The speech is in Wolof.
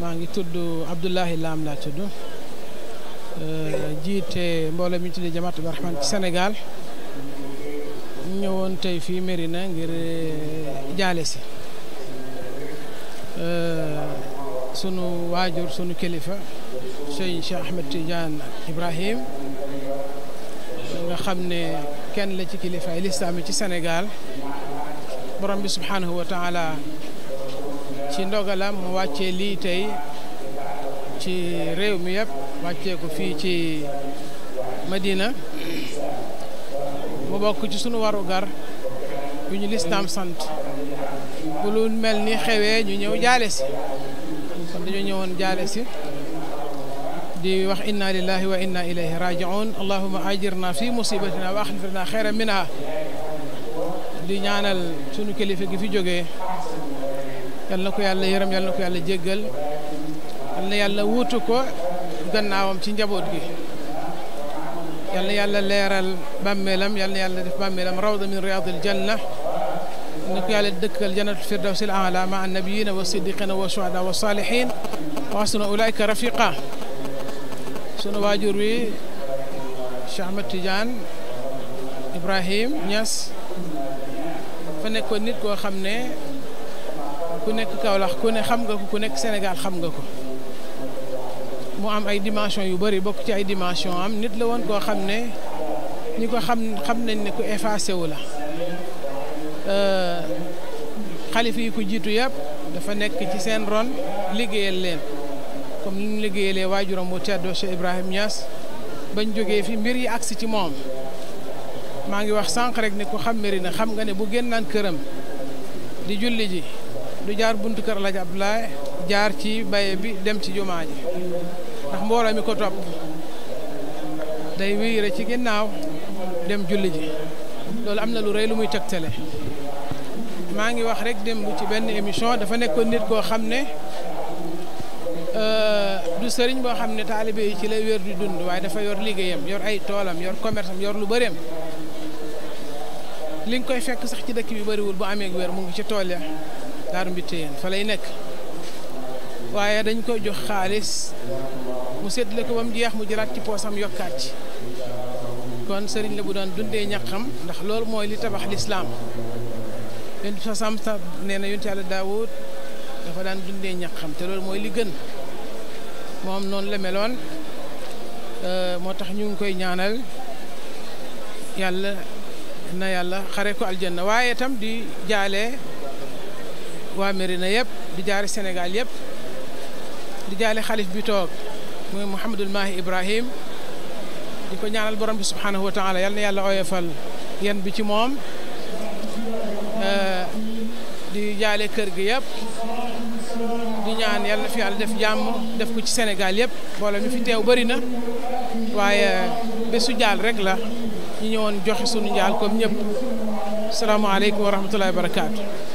maa ngi tudd Abdoulahi Lam laa tudd euh, jiite mbooloo mi ñu tuddee Jamaatul Rahmaan ci Sénégal ñëwoon tey fii Mérina ngir euh, jaale si euh, sunu waajur sunu kilifa Sëriñ Cheikh Ahmed Tidiane Ibrahim nga xam ne kenn la ci kilifa ay lislaam ci Sénégal borom bi subhanahu wa taala ci ndogalam mu wàccee lii tey ci réew mi yëpp wàccee ko fii ci Madina mu bokk ci sunu warugar bu ñu lislaam sant bu lu mel ni xewee ñu ñëw jaale si kon dañu ñëwoon jaale si di wax inna lillahi wa inna ilayhi raji'un allahumma ajirna fi musibatina wa axlifna xeyran minha di ñaanal sunu kilifa gi fi jógee yal na ko yàlla yërëm yal na ko yàlla jéggal yal na yàlla wuutu ko gannaawam ci njaboot gi yal na yàlla leeral bàmmeelam yal na yàlla def bàmmeelam rawda min riyaadil janna yal na ko yàlla dëkkal jannatul firdawsil aala ma annabiyina wa siddiqina wa shuhada wa saalihin wa hasuna ulaika rafiqa sunu waajur wi Cheikh Ahmed Tidiane Ibrahim Niass fa nekkoon nit koo xam ne ku nekk Kaolack ku ne xam nga ko ku nekk Sénégal xam nga ko mu am ay dimension yu bari bokk ci ay dimension am nit la woon koo xam ne ñi ko xam xam nañ ne ku effacé wu la euh, xalifa yi ko jiitu yëpp dafa nekk ci seen ron liggéeyal leen comme ni mu liggéeyalee waajuram bu tedd Cheikh Ibrahim bañ jógee fi mbir yi agsi ci moom maa ngi wax sànq rek ne ku xam Médina xam nga ne bu naan këram di julli du jaar bunt kër la Abdoulaye jaar ci baye bi dem ci jumaa ji ndax mbooloo mi ko topp day wiire ci ginnaaw dem julli ji loolu am na lu rëy lu muy tegtale maa ngi wax rek démb ci benn émission dafa nekkoon nit koo xam ne euh, du sëriñ boo xam ne taalibe yi ci lay wér di dund waaye dafa yor liggéeyam yor ay toolam yor commerce yor lu bëreem li nga koy fekk sax ci dëkk bi bariwul bu amee wér mu ngi ci tool ya daaru mbitéyeen fa lay nekk waaye dañ koy jox xaalis mu seddale ko ba mu jeex mu jëlaat ci poosam yokkaat ci kon sëriñ la bu doon dundee ñaqam ndax loolu mooy li tabax lislaam yonent fa samta nee na yonent yàlla daawud dafa daan dundee ñaxam te loolu mooy li gën moom noonu la meloon euh, moo tax ñu ngi koy ñaanal yàlla na yàlla xare ko aljanna waaye itam di jaale waa Mérina yëpp di jaare Sénégal yëpp di jaale xalif bi toog muy Mouhamadul Mahi Ibrahim di ko ñaanal borom bi subhanahu wa taala yal na yàlla oyofal yan bi ci moom euh, di jaale kër gi yëpp di ñaan yal na fi yàlla def jàmm def ko ci senegal yëpp mbooloo mi fi teew bëri na waaye bésu jaal rek la ñu ñëwoon joxe sunu njaal comme ñëpp salaamaaleykum wa rahmatullahi wa barakaatu.